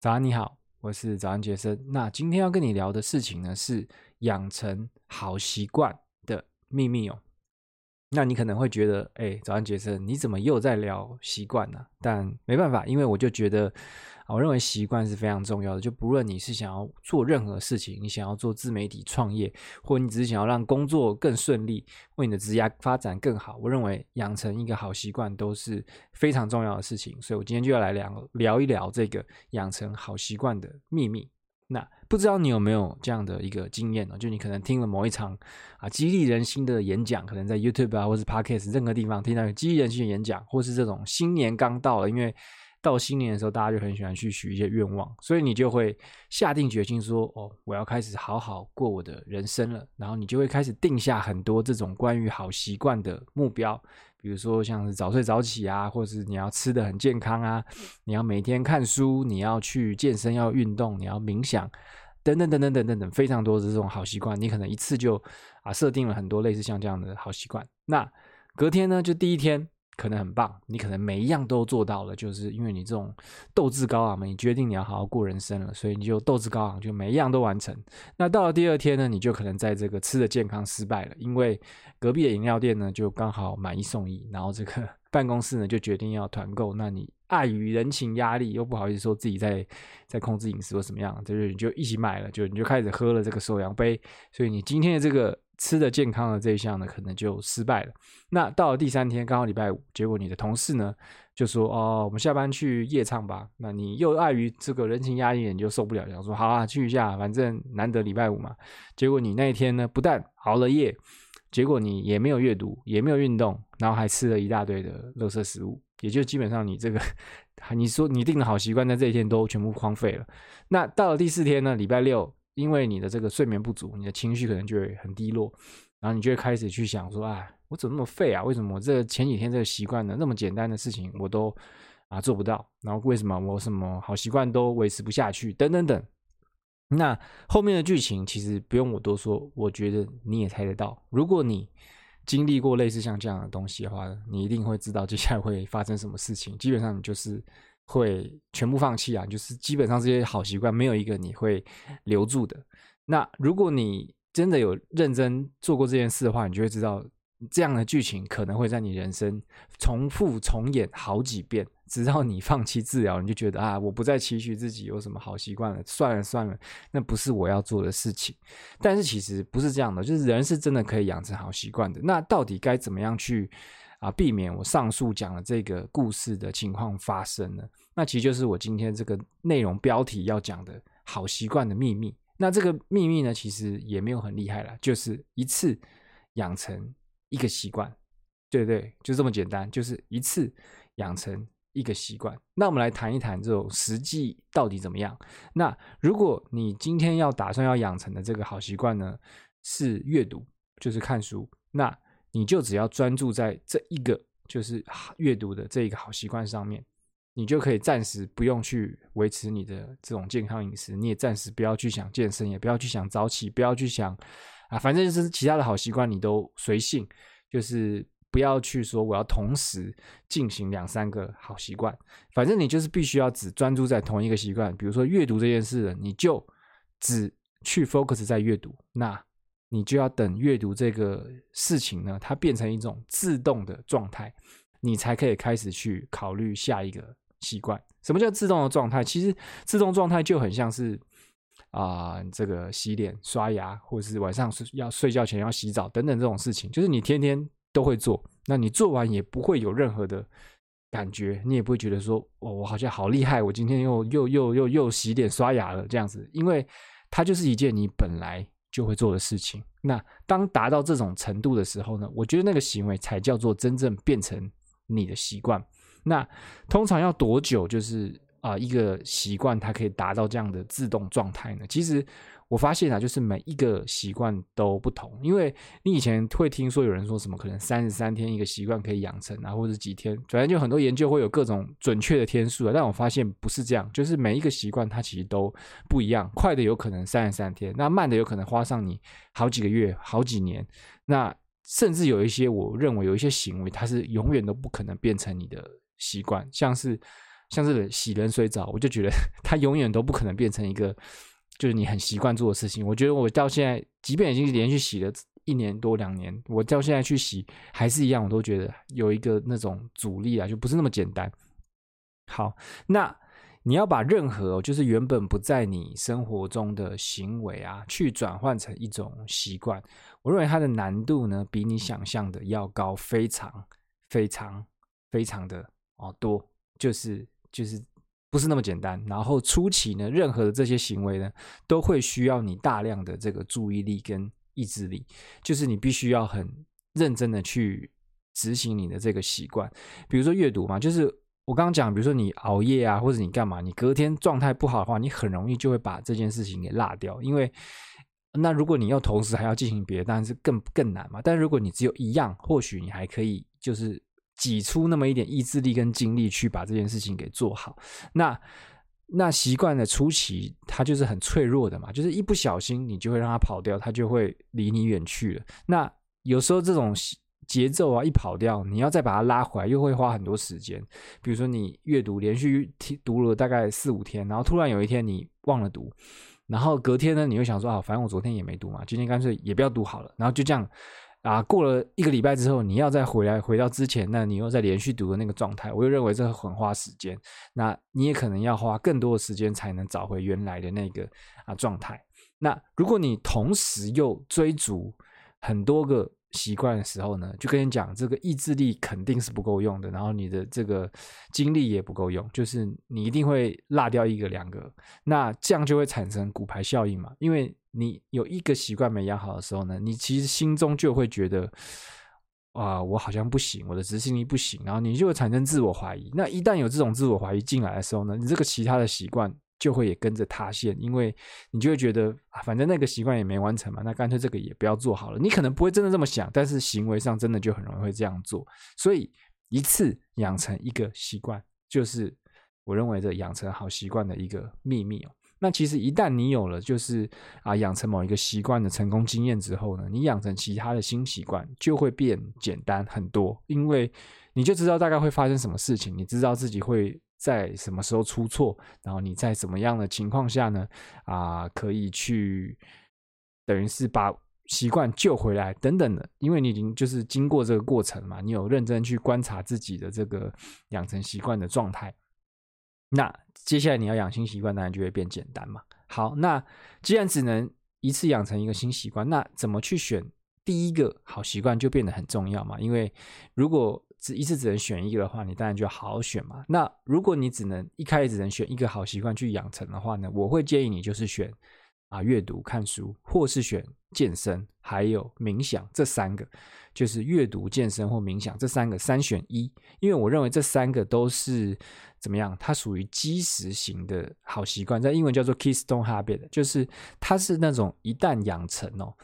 早安，你好，我是早安傑森。那今天要跟你聊的事情呢，是養成好習慣的秘密哦。那你可能會覺得，哎、欸，早安傑森，你怎麼又在聊習慣呢？啊？但沒辦法，因為我就覺得，我認為習慣是非常重要的。就不論你是想要做任何事情，你想要做自媒體創業，或你只是想要讓工作更順利，為你的職業發展更好，我認為養成一個好習慣都是非常重要的事情。所以我今天就要來聊聊一聊這個養成好習慣的秘密。那不知道你有沒有這樣的一個經驗呢？就你可能聽了某一場啊激勵人心的演講，可能在 YouTube 啊或者是 Podcast 任何地方聽到有激勵人心的演講，或是這種新年剛到了，因為到新年的時候大家就很喜歡去許一些願望，所以你就會下定決心說：“哦，我要開始好好過我的人生了。”然後你就會開始定下很多這種關於好習慣的目標。比如說，像是早睡早起啊，或者是你要吃得很健康啊，你要每天看書，你要去健身、要運動，你要冥想，等等等等等等等，非常多的這種好習慣，你可能一次就啊設定了很多類似像這樣的好習慣。那隔天呢，就第一天。可能很棒，你可能每一樣都做到了，就是因為你這種鬥志高昂嘛，你決定你要好好過人生了，所以你就鬥志高昂，就每一樣都完成。那到了第二天呢，你就可能在這個吃的健康失敗了，因為隔壁的飲料店呢就剛好買一送一，然後這個。辦公室呢，就決定要團購。那你礙於人情壓力，又不好意思說自己在在控制飲食或怎麼樣，就是你就一起買了，就你就開始喝了這個手搖杯。所以你今天的這個吃得健康的這一項呢，可能就失敗了。那到了第三天，剛好禮拜五，結果你的同事呢就說：“哦，我們下班去夜唱吧。”那你又礙於這個人情壓力，你就受不了，想說：“好啊，去一下，反正難得禮拜五嘛。”結果你那一天呢，不但熬了夜。結果你也沒有閱讀，也沒有運動，然後還吃了一大堆的垃圾食物，也就基本上你這個你說你定的好習慣在這一天都全部荒廢了。那到了第四天呢，禮拜六，因為你的這個睡眠不足，你的情緒可能就會很低落，然後你就會開始去想說，哎，我怎麼那麼廢啊？為什麼我這前幾天這個習慣呢，那麼簡單的事情我都啊做不到？然後為什麼我什麼好習慣都維持不下去？等等等。那後面的劇情其實不用我多說，我覺得你也猜得到。如果你經歷過類似像這樣的東西的話，你一定會知道接下來會發生什麼事情。基本上你就是會全部放棄啊，就是基本上這些好習慣沒有一個你會留住的。那如果你真的有認真做過這件事的話，你就會知道。這樣的劇情可能會在你人生重複重演好幾遍，直到你放棄治療，你就覺得啊，我不再期許自己有什麼好習慣了，算了算了，那不是我要做的事情。但是其實不是這樣的，就是人是真的可以養成好習慣的。那到底該怎麼樣去啊避免我上述講的這個故事的情況發生呢？那其實就是我今天這個內容標題要講的好習慣的秘密。那這個秘密呢，其實也沒有很厲害啦，就是一次養成。一個習慣，對對，就這麼簡單，就是一次養成一個習慣。那我們來談一談這種實際到底怎麼樣？那如果你今天要打算要養成的這個好習慣呢，是閱讀，就是看書，那你就只要專注在這一個，就是閱讀的這一個好習慣上面，你就可以暫時不用去維持你的這種健康飲食，你也暫時不要去想健身，也不要去想早起，不要去想。啊，反正就是其他的好習慣，你都隨性，就是不要去說我要同時進行兩三個好習慣。反正你就是必須要只專注在同一個習慣，比如說閱讀這件事，你就只去 focus 在閱讀。那你就要等閱讀這個事情呢，它變成一種自動的狀態，你才可以開始去考慮下一個習慣。什麼叫自動的狀態？其實自動狀態就很像是。啊、呃，這個洗臉、刷牙，或者是晚上睡要睡覺前要洗澡等等，這種事情，就是你天天都會做，那你做完也不會有任何的感覺，你也不會覺得說，哦，我好像好厲害，我今天又又又又又洗臉刷牙了這樣子，因為它就是一件你本來就會做的事情。那當達到這種程度的時候呢，我覺得那個行為才叫做真正變成你的習慣。那通常要多久？就是。啊、呃，一個習慣它可以達到這樣的自動狀態呢？其實我發現啊，就是每一個習慣都不同，因為你以前會聽說有人說什麼，可能三十三天一個習慣可以養成啊，或者幾天，反正就很多研究會有各種準確的天數啊。但我發現不是這樣，就是每一個習慣它其實都不一樣，快的有可能三十三天，那慢的有可能花上你好幾個月、好幾年。那甚至有一些，我認為有一些行為，它是永遠都不可能變成你的習慣，像是。像是洗冷水澡，我就覺得它永遠都不可能變成一個，就是你很習慣做的事情。我覺得我到現在，即便已經連續洗了一年多兩年，我到現在去洗還是一樣，我都覺得有一個那種阻力啊，就不是那麼簡單。好，那你要把任何就是原本不在你生活中的行為啊，去轉換成一種習慣，我認為它的難度呢，比你想象的要高，非常非常非常的哦多，就是。就是不是那麼簡單。然後初期呢，任何的這些行為呢，都會需要你大量的這個注意力跟意志力。就是你必須要很認真的去執行你的這個習慣。比如說閱讀嘛，就是我剛剛講，比如說你熬夜啊，或者你幹嘛，你隔天狀態不好的話，你很容易就會把這件事情給落掉。因為那如果你要同時還要進行別的，但是更更難嘛。但如果你只有一樣，或許你還可以就是。擠出那麼一點意志力跟精力去把這件事情給做好，那那習慣的初期，它就是很脆弱的嘛，就是一不小心你就會讓它跑掉，它就會離你遠去了。那有時候這種節奏啊，一跑掉，你要再把它拉回來，又會花很多時間。比如說你閱讀連續讀了大概四五天，然後突然有一天你忘了讀，然後隔天呢，你又想說，好，啊，反正我昨天也沒讀嘛，今天乾脆也不要讀好了，然後就這樣。啊，過了一個禮拜之後，你要再回來，回到之前，那你又在連續讀的那個狀態，我又認為這很花時間。那你也可能要花更多的時間才能找回原來的那個啊狀態。那如果你同時又追逐很多個。習慣的時候呢，就跟你講，這個意志力肯定是不夠用的，然後你的這個精力也不夠用，就是你一定會落掉一個兩個，那這樣就會產生骨牌效應嘛。因為你有一個習慣沒養好的時候呢，你其實心中就會覺得，啊，我好像不行，我的執行力不行，然後你就會產生自我懷疑。那一旦有這種自我懷疑進來的時候呢，你這個其他的習慣。就會也跟着塌陷，因為你就會覺得啊，反正那個習慣也沒完成嘛，那乾脆這個也不要做好了。你可能不會真的這麼想，但是行為上真的就很容易會這樣做。所以一次養成一個習慣，就是我認為的養成好習慣的一個秘密哦。那其實一旦你有了，就是啊，養成某一個習慣的成功經驗之後呢，你養成其他的新習慣就會變簡單很多，因為你就知道大概會發生什麼事情，你知道自己會。在什麼時候出錯？然後你在什麼樣的情況下呢？啊、呃，可以去等於是把習慣救回來等等的，因為你已經就是經過這個過程嘛，你有認真去觀察自己的這個養成習慣的狀態。那接下來你要養新習慣，當然就會變簡單嘛。好，那既然只能一次養成一個新習慣，那怎麼去選第一個好習慣就變得很重要嘛。因為如果只一次只能選一個的話，你當然就好好選嘛。那如果你只能一開始只能選一個好習慣去養成的話呢？我會建議你就是選啊閱讀看書，或是選健身，還有冥想這三個，就是閱讀、健身或冥想這三個三選一。因為我認為這三個都是怎麼樣？它屬於基石型的好習慣，在英文叫做 Keystone Habit，就是它是那種一旦養成哦。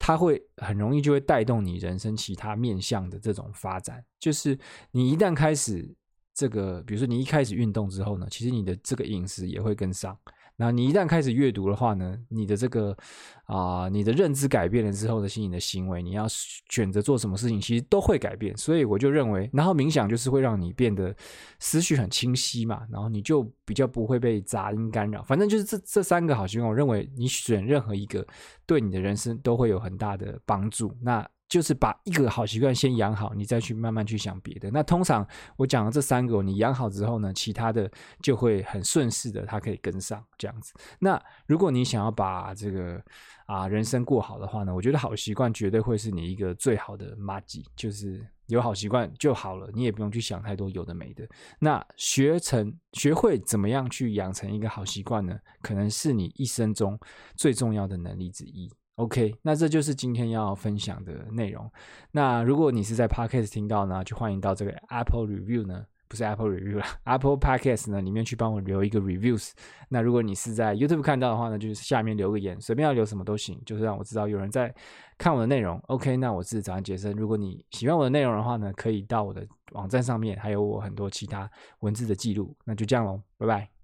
它會很容易就會帶動你人生其他面向的這種發展，就是你一旦開始這個，比如說你一開始運動之後呢，其實你的這個飲食也會跟上。那你一旦開始閱讀的話呢，你的這個啊、呃，你的認知改變了之後的心理的行為，你要選擇做什麼事情，其實都會改變。所以我就認為，然後冥想就是會讓你變得思緒很清晰嘛，然後你就比較不會被雜音干擾。反正就是這這三個好習慣，我認為你選任何一個，對你的人生都會有很大的幫助。那。就是把一個好習慣先養好，你再去慢慢去想別的。那通常我講的這三個，你養好之後呢，其他的就會很順勢的，它可以跟上這樣子。那如果你想要把這個啊人生過好的話呢，我覺得好習慣絕對會是你一個最好的麻吉，就是有好習慣就好了，你也不用去想太多有的沒的。那學成學會怎麼樣去養成一個好習慣呢？可能是你一生中最重要的能力之一。OK，那這就是今天要分享的內容。那如果你是在 Podcast 聽到呢，就歡迎到這個 Apple Review 呢，不是 Apple Review 啦，Apple Podcast 呢裡面去幫我留一個 Reviews。那如果你是在 YouTube 看到的話呢，就是下面留個言，隨便要留什麼都行，就是讓我知道有人在看我的內容。OK，那我是早安傑森。如果你喜歡我的內容的話呢，可以到我的網站上面，還有我很多其他文字的記錄。那就這樣嘍，拜拜。